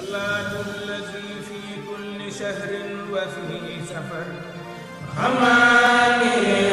صلاة الذي في كل شهر وفي سفر حماني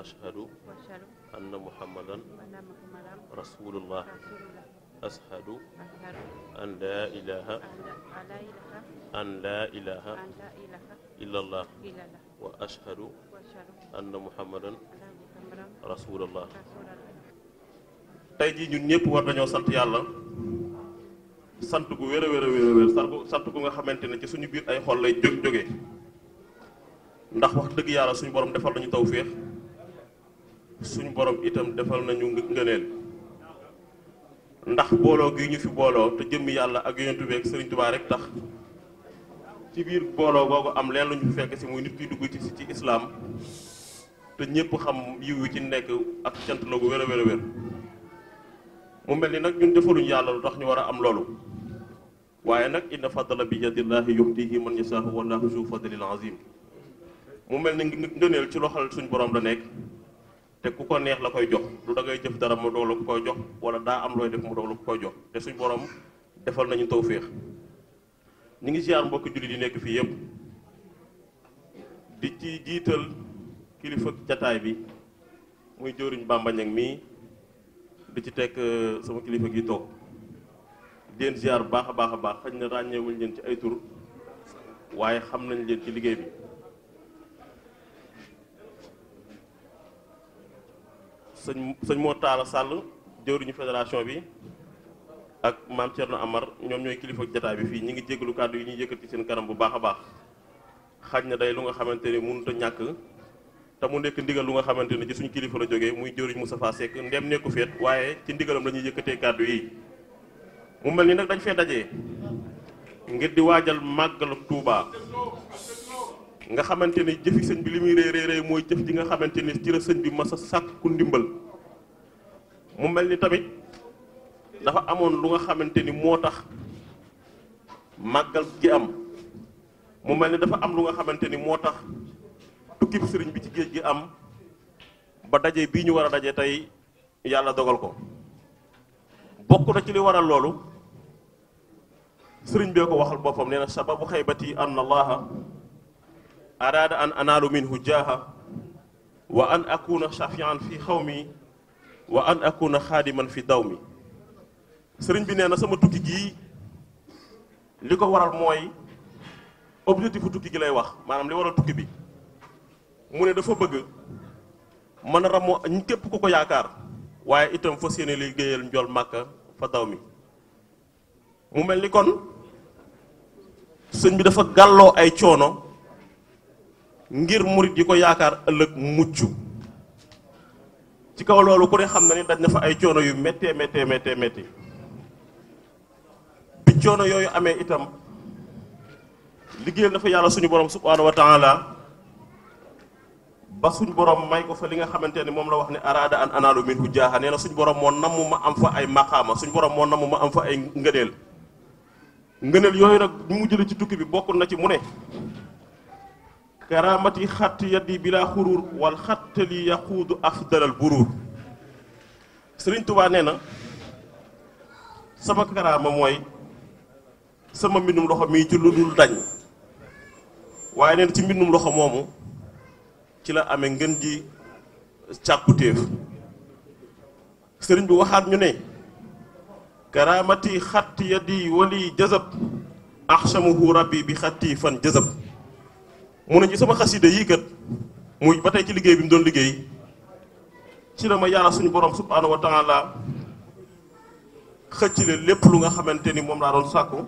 ashhadu anna muhammadan rasulullah ashhadu an muhammadan rasulullah tey jii ñun ñëpp war nañoo sant yàlla sant gu wér a wér wér sant gu nga xamante ne ci suñu biir ay xol lay jóg jógee ndax wax dëgg yàlla suñu borom defal nañu tawféex suñ boroom itam defal nañu ngëneel ndax booloo gi ñu fi booloo te jëmmi yàlla ak yonent bi ak Sëriñ Tuubaa rek tax ci biir booloo googu am leen lu ñu fekk si muy nit kuy dugg ci ci islaam te ñëpp xam yiw yi ci nekk ak cant la gu wér mu mel ni nag ñun defaluñu yàlla lu tax ñu war a am loolu waaye nag inna fadla bi yadillaahi yuxtihi man yasaahu wallaahu zu fadlil azim mu mel ni ngëneel ci loxol suñu borom la nekk te ku ko neex la koy jox du da ngay jëf dara mu doog la ku koy jox wala daa am looy def mu doog la ku koy jox te suñ borom defal nañu tawféex ñu ngi ziar mbokki jullit yi nekk fii yëpp di ci jiital kilifa jataay bi muy jëwriñ Bamba Ñaŋ mii di ci teg euh, sama kilifa gi toog di leen ziar baax a baax a baax xëy na ràññeewuñ leen ci ay tur waaye xam nañ leen ci liggéey bi sëñ sëñ Mor sàll Sall jëwriñu fédération bi ak maam Thierno Amar ñoom ñooy kilifa jotaay bi fii ñu ngi jégalu kàddu yi ñuy yëkkati seen kanam bu baax a baax xaj na day lu nga xamante ni mënut a ñàkk te mu nekk ndigal lu nga xamante ni ci suñu kilifa la jógee muy mu Moustapha Seck ndem nekku feet waaye ci ndigalam la ñuy yëkkatee kàddu yi mu mel ni nag dañ fee dajee ngir di waajal la Touba nga xamante ne jëfi sëñ bi li muy rëy rëy mooy jëf di nga xamante ne ci la sëñ bi mas a sàkku ndimbal mu mel ni tamit dafa amoon lu nga xamante ni moo tax màggal gi am mu mel ni dafa am lu nga xamante ni moo tax tukkib sëriñ bi ci géej gi am ba daje bii ñu war a daje tey yàlla dogal ko bokk na ci li waral loolu sëriñ bee ko waxal boppam nee na sababu xaybati an allaha araada an anaalu minhu jaaha wa an akuna shafian fi xawmi wa an akuna xaadiman fi mi sëriñ bi nee na sama tukki gii li ko waral mooy objectifu tukki gi lay wax maanaam li waral tukki bi mu ne dafa bëgg mën a ramoo képp ku ko yaakaar waaye itam fas yéene liggéeyal njool màkka fa daw mi mu mel ni kon sëñ bi dafa gàlloo ay coono ngir murit yi ko yaakaar ëllëg mucc ci kaw loolu ku ne xam na ni daj na ay coono yu méttee méttee méttee bi coono yooyu amee itam liggéeyal na fa yàlla suñu borom subhaanahu wa taala ba suñu borom may ko fa li nga xamante ni moom la wax ne araada an anaalu minhu jaaha nee na suñ borom moo namm ma am fa ay maqaama suñu borom moo namm ma am fa ay ngëneel ngëneel yooyu nag ñu mu jëlee ci tukki bi bokk na ci mu ne. كرامتي خط يدي بلا خرور والخط لي يقود أفضل البرور Sëriñ Tuubaa nee na sama karaama mooy sama mbindum loxo mii ci lu dul dañ waaye neen ci mbindum loxo moomu ci la amee ngeen ji càkkutéef sëriñ bi waxaat ñu ne karaamati xatti yadi wali jazab axsamuhu rabbi bi xatti fan jazab mu ne ci sama xasida yii kat muy ba tey ci liggéey bi mu doon liggéey ci la ma yàlla suñu borom subhaanahu wa taala xëcc le lépp lu nga xamante ni moom laa doon sàkku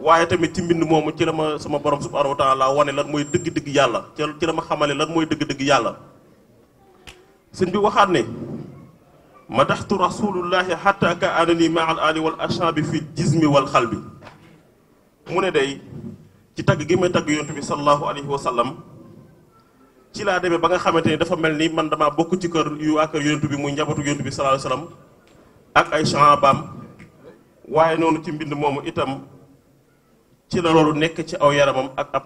waaye tamit ci mbind moomu ci la ma sama borom subhaanahu wa taala wane lan mooy dëgg-dëgg yàlla ci la ma xamale lan mooy dëgg-dëgg yàlla sëñ bi waxaat ne ma madaxtu rasulullahi xatta ka anani ma al ali wal ashabi fi jismi wal xalbi mu ne day ci tagg gi may tagg yontu bi sallallahu alayhi wa ci laa deme ba nga xamante ni dafa mel ni man damaa bokk ci kër yu waa kër yontu bi muy njabootu yontu bi sallallahu alayhi wa sallam ak ay waaye noonu ci mbind moomu itam ci la loolu nekk ci aw yaramam ak ab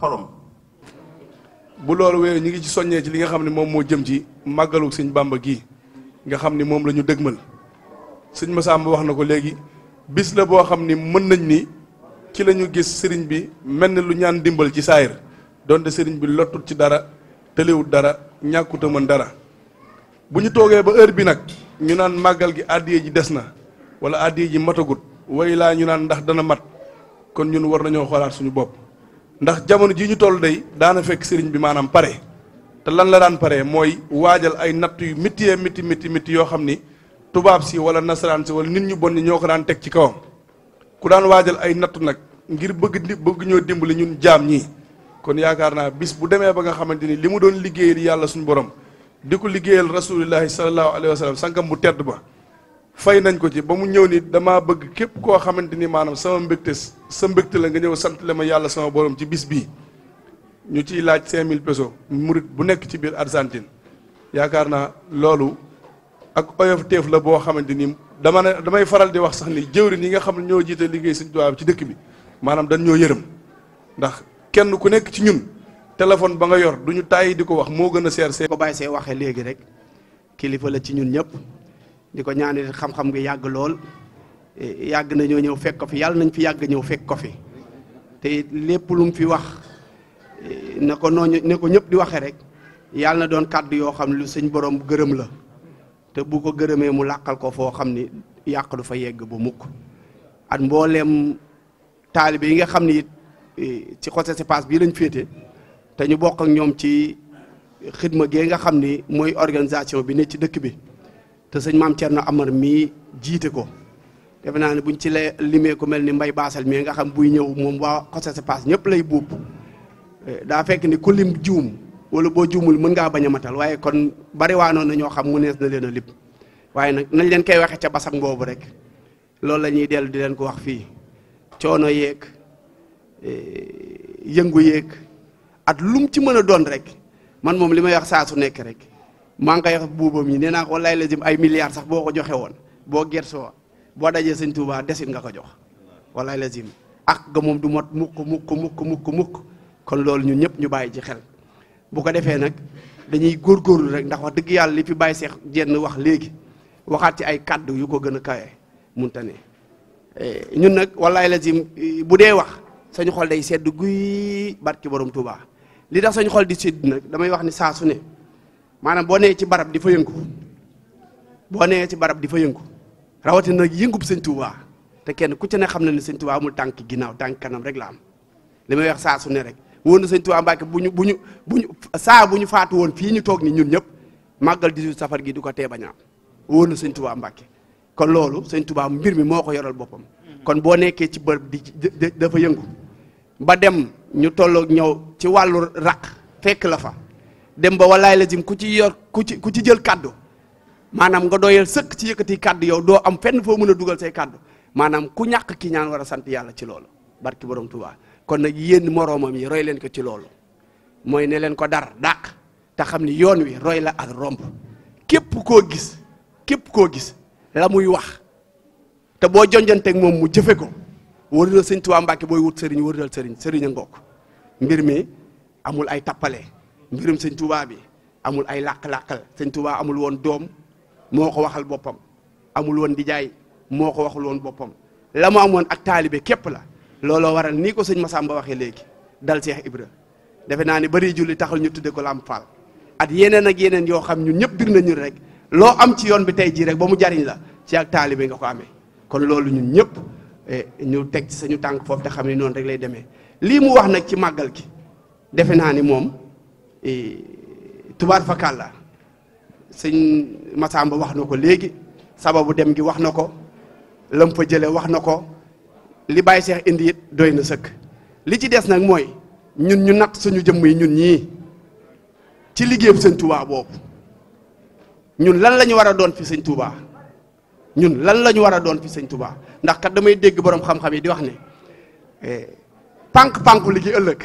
xolom bu loolu wéyee ñu ngi ci soññee ci li nga xam ne moom moo jëm ci màggalu sëñ Bàmba gi nga xam ni moom la ñu dëgmal sëñ Massamba wax na ko léegi bis la boo xam ni mën nañ ni ci lañu gis sëriñ bi mel ni lu ñaan dimbal ci saayir donte sëriñ bi lottut ci dara tëlewut dara ñàkkut a dara bu ñu toogee ba heure bi nag ñu naan màggal gi addiye ji des na wala addiye ji matagut way laa ñu naan ndax dana mat kon ñun war nañoo xoolaat suñu bopp ndax jamono ji ñu toll dey daana fekk sëriñ bi maanaam pare te lan la daan pare mooy waajal ay natt yu méttiyee métti métti métti yoo xam ni tubaab si wala nasaraan si wala nit ñu bon ñi ñoo ko daan teg ci kawam bu daan waajal ay nattu nag ngir bëgg ni bëgg ñoo dimbali ñun jaam ñi kon yaakaar naa bis bu demee ba nga xamante ni li mu doon liggéeyal yàlla suñu borom di ko liggéeyal rasulillahi salallahu alayhi wa sallam sànkam bu tedd ba fay nañ ko ci ba mu ñëw ni damaa bëgg képp koo xamante ni maanaam sama mbégte sa mbégte la nga ñëw sant ma yàlla sama borom ci bis bi ñu ciy laaj 5000 pesos murit bu nekk ci biir Argentine yaakaar naa loolu ak oyof teef la boo xamante ni dama ne damay faral di wax sax ni jëwriñ yi nga xam ne ñoo jiite liggéey Sëñ Tuubaa ci dëkk bi maanaam dañ ñoo yërëm ndax kenn ku nekk ci ñun téléphone ba nga yor du ñu tàyyi di ko wax moo gën a seer see ko bàyyi see waxee léegi rek kilifa la ci ñun ñëpp di ko ñaanal xam-xam gi yàgg lool eh, yàgg nañoo ñëw fekk ko fi yàlla nañ fi yàgg ñëw fekk ko fi te lépp lu fi wax eh, na ko nooñu ne ko ñëpp di waxee rek yàlla na doon kàdd yoo xam lu sëñ borom gërëm la te bu ko gërëmee mu làqal ko foo xam ni yàq du fa yegg ba mukk at mbooleem taalibe yi nga xam ni eh, ci José Sepas bii lañ féete te ñu bokk ak ñoom ci xidma gee nga xam ni mooy organisation bi ne ci dëkk bi te sëñ maam Thierno Amar mii jiite ko defe naa ni buñ ci la limee ku mel ni mbay baasal mii nga xam buy ñëw moom waa José Sepas ñëpp lay buub eh, daa fekk ni ku lim juum wala boo juumul mën ngaa bañ a matal waaye kon bari waanoon na ñoo xam mu nees na leen a lib waaye nag nañ leen koy waxe ca basang boobu rek loolu la ñuy dellu di leen ko wax fii coono yeeg e, yëngu yeeg at lum ci mën a doon rek man moom li may wax saa su nekkee rek maa ngi koy wax buubam yi nee naa ko wallaay lazim ay milliards sax boo ko joxee woon boo wa boo dajee sëñ Tuubaa desit nga ko jox wallaay lazim ak ga moom du mot mukk mukk mukk mukk mukk kon loolu ñun ñëpp ñu bàyyi ci xel bu ko defee nag dañuy góor góorlu rek ndax wax dëgg yàlla li fi bàyyi seex jenn wax léegi waxaat ci ay kàddu yu ko gën a kawe munta ne eh, ñun nag wallaay lazim eh, bu dee wax sañu xol day sedd guy barki borom Touba li tax sañu xol di sedd nag damay wax ni saasu ne maanaam boo nee ci barab di fa yëngu boo nee ci barab di fa yëngu rawatin nag yëngub sëñ Touba te kenn ku ci ne xam na ne sëñ Touba amul tànk ginnaaw tànk kanam rek la am li may wax saasu su ne rek. wóor na sëñ Tuubaa Mbàkke bu ñu bu ñu bu ñu saa bu ñu faatu woon fii ñu toog ni ñun ñëpp màggal 18 safar gi du ko tee bañaam wóor na sëñ Tuubaa Mbàkke loolu sëñ Tuubaa mbir mi moo ko yoral boppam kon boo nekkee ci bërëb di dafa yëngu ba dem ñu tolloog ñëw ci wàllu raq fekk la fa dem ba walaay lazim ku ci yor ku ci ku ci jël kàddu maanaam nga doyal sëkk ci yëkkati kàddu yow doo am fenn foo mën a dugal say kaddu maanaam ku ñàkk ki ñaan war a sant yàlla ci loolu barki borom tubaa kon nag yéen moroomam yi roy leen ko ci loolu mooy ne leen ko dar dàq te xam ni yoon wi roy la ak romb képp koo gis képp koo gis la muy wax te boo jonjanteeg moom mu jëfe ko wërnal sëñ Tuubaa Mbàkke booy wut sëriñ wërnal sëriñ sëriñ a ngook mbir mi amul ay tappale mbirum sëñ Tuubaa bi amul ay làq-làqal sëñ Tuubaa amul woon doom moo ko waxal boppam amul woon di jaay moo ko waxul woon boppam la mu amoon ak taalibe képp la looloo waral nii ko masaam Massamba waxee léegi dal Cheikh Ibra defe naa ni bari julli taxul ñu tudde ko Lamp Fall at yeneen ak yeneen yoo xam ñun ñëpp bir nañu rek loo am ci yoon bi tey jii rek ba mu jariñ la ci ak taalibe nga ko amee kon loolu ñun ñëpp eh, ñu teg ci sañu tànk foofu te xam ne noonu rek lay demee lii mu wax nag ci màggal gi defe naa ni moom eh, tubaar fakàlla sëñ Massamba wax na ko léegi sababu dem gi wax na ko lam fa jële wax na ko li bàyyi Cheikh indi it doy na sëkk li ci des nag mooy ñun ñu natt suñu jëmm yi ñun ñii ci liggéeyam sëñ Touba boobu ñun lan lañu ñu war a doon fi sëñ Touba ñun lan la ñu war a doon fi sëñ Touba ndax kat damay dégg boroom xam-xam yi di wax ne eh, pànk-pànk lu gi ëllëg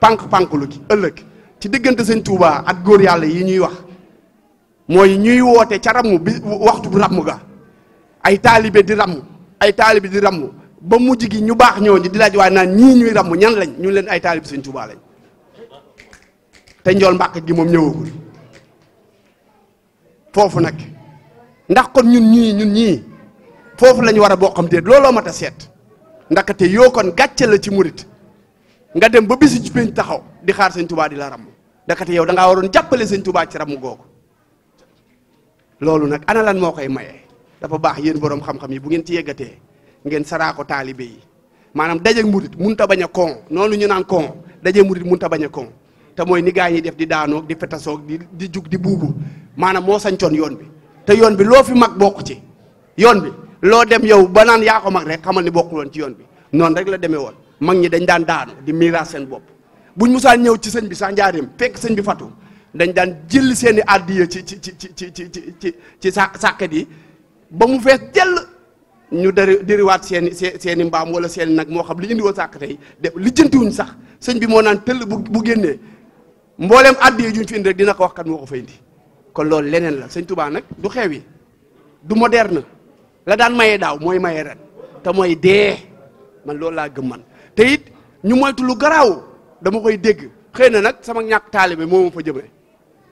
pànk-pànk lu gi ëllëg ci diggante sëñ Touba ak góor yàlla yi ñuy wax mooy ñuy woote ca ramm bi waxtu ramm ga ay taalibe di ramm ay taalibe di ramm ba mujj gi ñu baax ñooñu di laaj waaye naan ñii ñuy ràmm ñan lañ ñu leen ay taalib sëñ Tuubaa lañ te njool mbàq gi moom ñëwagul foofu nag ndax kon ñun ñii ñun ñii foofu lañ war a bokkam te looloo mat a seet ndaxte yoo kon gàcce la ci murit nga dem ba bisu ci pénc taxaw di xaar sëñ Tuubaa di la ràmm ndaxte yow da ngaa waroon jàppale sëñ Tuubaa ci ràmm googu loolu nag ana lan moo koy maye dafa baax yéen boroom xam-xam yi bu ngeen ci yeggatee. ngeen saraako ko taalibe yi maanaam daje murit mënut a bañ a kon noonu naan kon dajeeg murit mënut bañ a te mooy ni gaa yi def di daanoog di fetasoog di di jug di buubu maanaam moo sañcoon yoon bi te yoon bi loo fi mag bokk ci yoon bi loo dem yow ba naan yaa ko mag rek xamal ni bokkul woon ci yoon bi noonu rek la demee woon mag ñi dañ daan daanu di miiraas seen bopp bu ñu musaan ñëw ci sëñ bi sax njaareem fekk sëñ bi fatu dañ daan jël seen i addiya ci ci ci ci ci ci ci ci sàkket yi ba mu fees jël ñu dari diriwaat seen i seeni mbaam wala seen nag moo xam li indi woon sàkk tey de li jëntiwuñ sax sëñ bi moo naan tëll bu bu génnee mbooleem addiye juñ fi indi rek dina ko wax kan moo ko fa indi kon loolu leneen la sëñ Tuubaa nag du xew yi du moderne la daan maye daaw mooy maye ren te mooy dee man loolu laa gëm man te it ñu moytu lu garaaw dama koy dégg xëy na nag sama ñàkk taalibe moo ma fa jëmee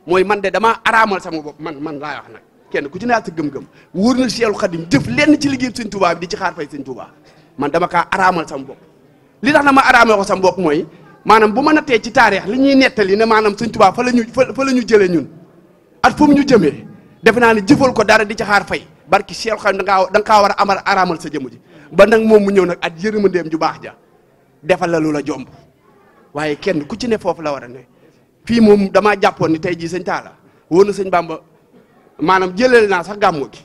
mooy man de damaa araamal sama bopp man man laa wax nag kenn ku ci naal sa gëm-gëm wóor na Seexul Xadim jëf lenn ci liggéey Sëñ Tuubaa bi di xaar fay Sëñ Tuubaa man dama kaa araamal sama bopp li tax na ma araamal ko sama bopp mooy maanaam bu ma nattee ci taarix li ñuy nettali ne maanaam Sëñ Tuubaa fa la ñu fa ñu jëlee ñun at ñu jëmee defe naa ne jëfal ko dara di ci xaar fay barki Seexul Xadim dangaa da kaa war amal araamal sa jëmm ji ba nag moom mu ñëw nag at yërmandeem ju baax ja defal lu la jomb waaye kenn ku ci ne foofu la war a ne fii moom damaa jàppoon ni tey jii sañ Talla wóor na sëñ ba maanaam jëleel naa sax gàmmu gi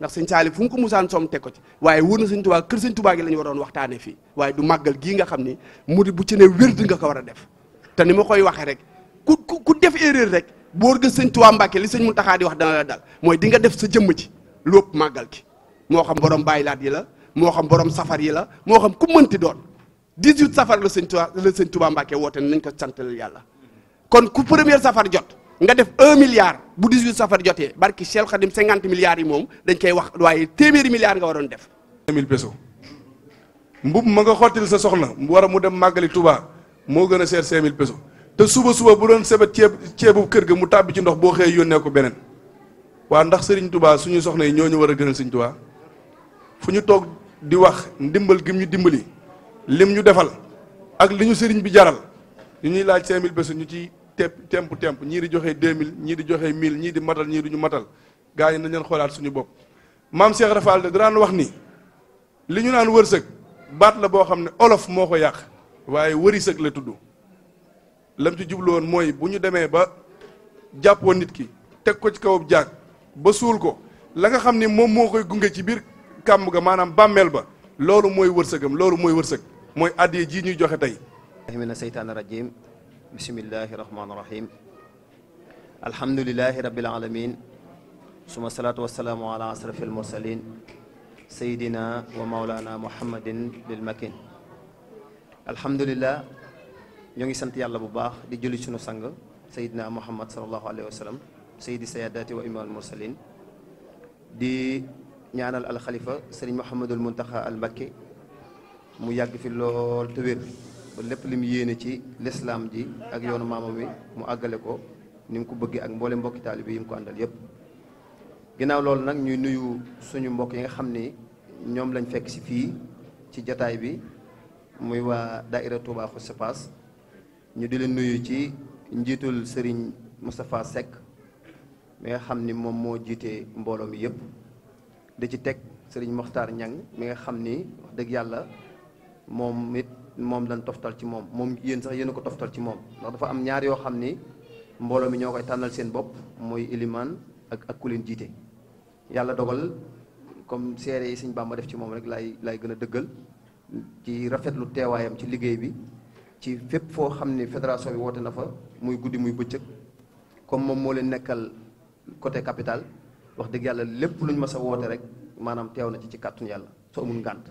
ndax sëñ Saalif fu mu ko musaan soom teg ko ci waaye wóor na sëñ Tuubaa kër sëñ Tuubaa gi la ñu waroon waxtaane fii waaye du màggal gii nga xam ni mu di bu ci ne wérdi nga ko war a def te ni ma koy waxee rek ku ku ku def erreur rek boor ga sëñ Tuubaa Mbàkke li mu taxaa di wax dana la dal mooy di nga def sa jëmm ci lépp màggal gi moo xam borom bàyyilaat yi la moo xam borom safar yi la moo xam ku mënti doon 18 safar la sëñ Tuubaa la sëñ Tuubaa Mbàkke woote nañ ko santal yàlla kon ku première safar jot nga def un milliard bu 18 safar jotee barki Cheikh Khadim 50 milliards yi moom dañ koy wax waaye téeméeri milliards nga waroon def. 1000 peso mbub ma nga xottil sa soxna wara mu dem màggali Touba moo gën a seer 5000 peso te suba suba bu doon sebet ceeb ceebu kër gi mu tàbbi ci ndox boo xëyee yónnee ko beneen waa ndax sëriñ Touba suñu soxna yi ñoo ñu war a gënal Serigne Touba fu ñu toog di wax ndimbal gim ñu dimbali lim ñu defal ak li ñu Serigne bi jaral ñu ñuy laaj 5000 ñu ci tepp temp temp ñii di joxe 2000 ñii di joxe 1000 ñii di matal ñii duñu matal gars yi nañ leen xoolaat suñu bopp. maam Cheikh Rafal da daan wax ni li ñu naan wërsëg baat la boo xam ne olof moo ko yàq waaye wërisëg la tudd lam ci jublu mooy bu ñu demee ba jàpp jàppoo nit ki teg ko ci kaw jaag ba suul ko la nga xam ni moom moo koy gunge ci biir kàmm ga maanaam bàmmeel ba loolu mooy wërsëgam loolu mooy wërsëg mooy addiya ji ñuy joxe tey. mina seytaani rajiim bismillahi rahmaani rahim alhamdulilahi rabbil alamin suma salaatu wasalaamu ala asrafi almursalin sayidina wa maulana muhammadin lil makin alhamdulilah ñoo ngi sant yàlla bu baax di julli sunu sang sayidina muhammad salallahu alayhi wa sallam almursalin di ñaanal alxalifa sëriñ muhammadul muntaxa al makki mu yàgg fi lool te wér ba lépp lim yéene ci lislaam ji ak yoonu maamam wi mu àggale ko ni mu ko bëggee ak mboolem mbokki taalibe yi mu ko àndal yëpp. ginnaaw loolu nag ñuy nuyu suñu mbokk yi nga xam ni ñoom lañ fekk si fii ci jataay bi muy waa Daïra Touba Xossepass ñu di leen nuyu ci njiitul sëriñ Moustapha Seck mi nga xam ni moom moo jiite mbooloo mi yëpp di ci teg sëriñ Mokhtar Niang mi nga xam ni wax dëgg yàlla moom it. moom lañ toftal ci moom moom yéen sax yéen ko toftal ci moom ndax dafa am ñaar yoo xam ni mbooloo mi ñoo koy tànnal seen bopp mooy ilimaan ak ak ku leen jiite yàlla dogal comme seere yi sëñ Bàmba def ci moom rek laay laay gën a dëggal ci rafetlu teewaayam ci liggéey bi ci fépp foo xam ne fédération bi woote na fa muy guddi muy bëccëg comme moom moo leen nekkal côté capital wax dëgg yàlla lépp lu ñu mas a woote rek maanaam teew na ci ci kàttun yàlla soo amul ngànt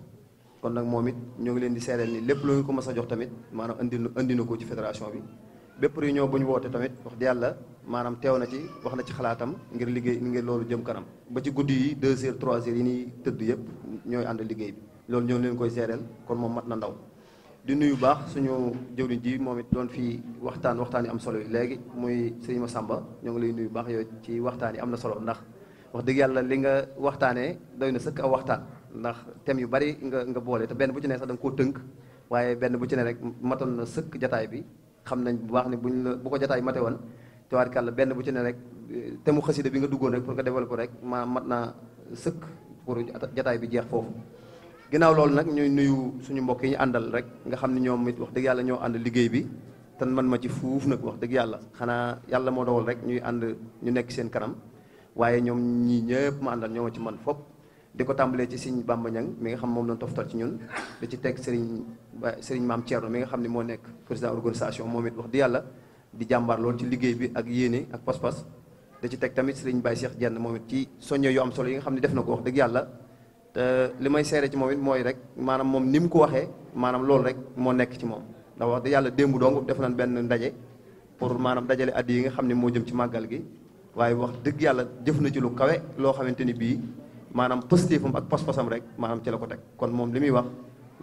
kon nag moom it ñoo ngi leen di seereel nii lépp lu ñu ko mas a jox tamit maanaam indi indi ko ci fédération bi bépp réunion bu ñu woote tamit wax di yàlla maanaam teew na ci wax na ci xalaatam ngir liggéey ngir loolu jëm kanam ba ci guddi yi deux trois heures yi ñuy tëdd yëpp ñooy ànd liggéey bi loolu ñoo ngi leen koy seereel kon moom mat na ndaw di nuyu baax suñu jëwriñ jii moom it doon fii waxtaan waxtaan yi am solo léegi muy sëñ Massamba ñoo ngi lay nuyu baax yooyu ci waxtaan yi am na solo ndax wax dëgg yàlla li nga waxtaanee doy na sëkk aw waxtaan ndax thèmes yu bari nga nga boole te benn bu ci ne sax da nga koo tënk waaye benn bu ci ne rek matoon na sëkk jataay bi xam nañ bu baax ne buñ la bu ko jataay mate woon tabaarkàlla benn bu ci ne eh, te mu xasida bi nga duggoon rek pour nga développer rek ma mat naa sëkk pour jataay bi jeex foofu ginnaaw loolu nag ñuy nuyu suñu mbokk yi ñu àndal rek nga xam ne ñoom it wax dëgg yàlla ñoo ànd liggéey bi te man ma ci fuuf nag wax dëgg yàlla xanaa yàlla moo dogal rek ñuy ànd ñu nekk seen kanam waaye ñoom ñii ñëpp ma àndal ñoo ci man fopp di ko tàmbalee ci sëriñ Bamba Ñang mi nga xam moom lañ toftal ci ñun di ci teg sëriñ mi nga xam ne moo nekk président organisation moom it wax di yàlla di jàmbaar lool ci liggéey bi ak yéene ak pas-pas da ci teg tamit sëriñ Baye seex Dieng moom it ci soññe yu am solo yi nga xam ne def na ko wax dëgg yàlla te li may seere ci moom it mooy rek maanaam moom ni mu ko waxee maanaam loolu rek moo nekk ci moom ndax wax dëgg yàlla démb dong def nañ benn ndaje pour maanaam dajale at yi nga xam ne moo jëm ci màggal gi waaye wax loo xamante ni bii maanaam positifam ak pos-posam rek maanaam ci la ko teg kon moom li muy wax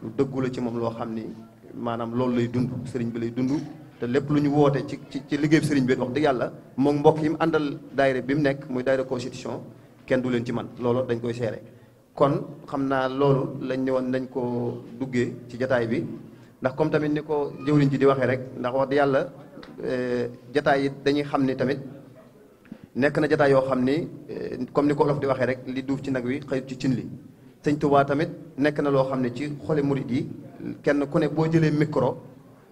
lu dëggula ci moom loo xam ni maanaam loolu lay dund sëriñ bi lay dund te lépp lu ñu woote ci ci ci liggéey sëriñ bi wax dëgg yàlla moom mbokk yi mu àndal daayira bi mu nekk muy daayira constitution kenn du leen ci man looloo dañ koy seere kon xam naa loolu lañ ne woon nañ koo duggee ci jataay bi ndax comme tamit ni ko jëwriñ ji di waxee rek ndax wax dëgg yàlla eh, jataay yi dañuy xam ni tamit nekk na jataay yoo xam ni comme ni ko olof di waxee rek li duuf ci nag wi xëyut ci cin li sëñ Tuubaa tamit nekk na loo xam ne ci xole murit yi kenn ku ne boo jëlee micro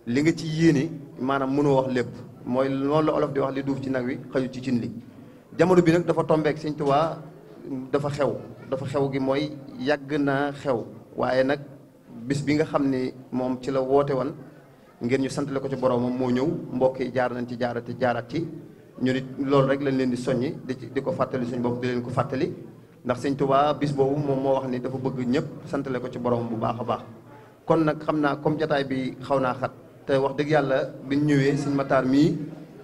li nga ci yéene maanaam mënoo wax lépp mooy loolu la olof di wax li duuf ci nag wi xëyut ci cin li jamono bi nag dafa tombeek sëñ Tuubaa dafa xew dafa xew gi mooy yàgg naa xew waaye nag bis bi nga xam ne moom ci la woote woon ngeen ñu santale ko ci boroomam moo ñëw mbokk yi jaar nañ ci jaarati jaarat ci ñu loolu rek lañ leen di soññi di di ko fàttali suñ bopp di leen ko fàttali ndax sëñ Tuubaa bis boobu moom moo wax ni dafa bëgg ñëpp santale ko ci borom bu baax baax kon nag xam naa comme jataay bi xaw naa xat te wax dëgg yàlla biñ ñëwee siñ mataar mii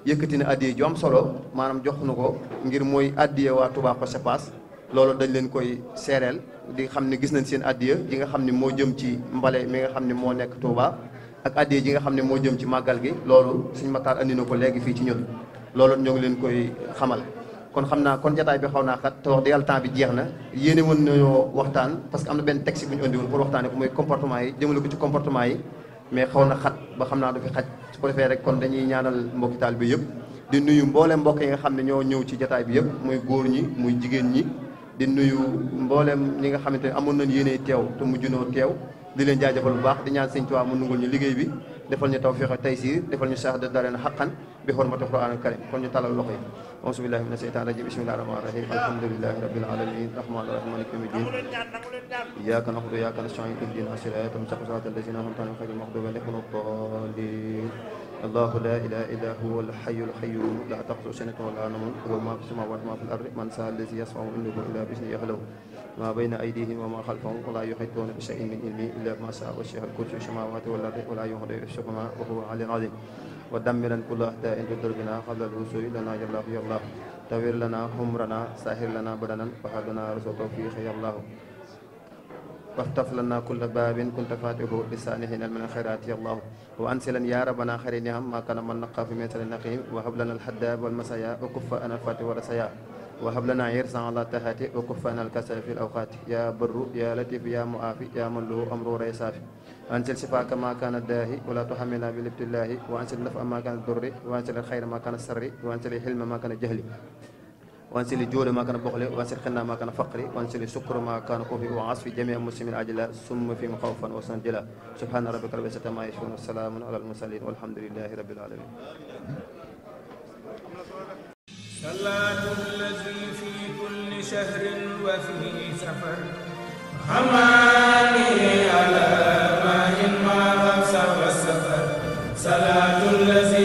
yëkkati na addiye ju solo maanaam jox nu ko ngir mooy addiye waa Touba Passe Passe loolu dañ leen koy seereel di xam ne gis nañ seen addiye yi nga xam ne moo jëm ci mbale mi nga xam ne moo nekk Touba ak addiye yi nga xam ne moo jëm ci màggal gi loolu sëñ Matar andi na ko léegi fii ci ñun loolu ñoo ngi leen koy xamal kon xam naa kon jataay bi xaw naa xat te wax dëgg yàlla temps bi jeex na yéene woon nañoo waxtaan parce que am na benn texte bu ñu indi woon pour waxtaane ko mooy comportement yi jëmale ko ci comportement yi mais xaw na xat ba xam naa du fi xaj su ko defee rek kon dañuy ñaanal mbokki taal bi yëpp di nuyu mbooleem mbokk yi nga xam ne ñoo ñëw ci jataay bi yëpp muy góor ñi muy jigéen ñi di nuyu mbooleem ñi nga xamante ne amoon nañ yéene teew te mujj noo teew di leen jaajëfal bu baax di ñaan sëñ Tuubaa mu nungul ñu liggéey bi defal ñu tawfeex ak taysiir defal ñu sax de dareen xaqan bi xormati alquraanil kariim kon ñu talal loxo yi auzu billaahi mina sheytaani rajiim bismillaahi rahmaani rahiim alhamdulillaahi rabbil aalamiin rahmaani rahiim maaliki yawmi diin iyyaaka na'budu wa iyyaaka nasta'iin ihdinas siraatal mustaqiim siraatal laziina an'amta alayhim ghayril maghduubi alayhim wa lad-daalliin allaahu laa ilaaha illaa huwal hayyul qayyuum laa ta'khudhuhu sinatun wa laa nawm lahu maa fis samaawaati wa maa fil ardi man zaa llazii yashfa'u 'indahu illaa bi'iznihii ya'lamu maa bayna aydiihim wa maa khalfahum wa laa yuhiituuna bi shay'in min 'ilmihi illaa bimaa shaa'a wa wasi'a kursiyuhu samaawaati wal arda wa laa yuuhiduuna bihi shay'un wa huwa 'aliyyun 'aziim ودمرا كل أعداء جدر بنا قبل الوصول لنا يا الله يا الله طوير لنا عمرنا ساهر لنا بدنا فهدنا رسول توفيق يا الله واختف لنا كل باب كنت فاتحه لسانه من الخيرات يا الله وانسلا يا ربنا خير نعم ما كان من نقى في مثل النقيم وهب لنا الحداب والمسايا وكف انا الفاتح والرسايا وهب لنا عرسا على التهاتي وكف انا الكسل في الاوقات يا بر يا لطيف يا مؤافي يا من له امر ريسافي أنزل شفاءك ما كان الداهي ولا تحملنا بالابتلاء وأنزل النفع ما كان الضر وأنزل الخير ما كان السر وأنزل الحلم ما كان الجهل وأنزل الجود ما كان بخل وأنزل الخنا ما كان فقر وأنزل السكر ما كان كفر وعصف جميع المسلمين أجلا ثم في مخوفا وسنجلا سبحان ربك رب العزة ما يشفون والسلام على المرسلين والحمد لله رب العالمين صلاة الذي في كل شهر وفي سفر حماني على safar salaatul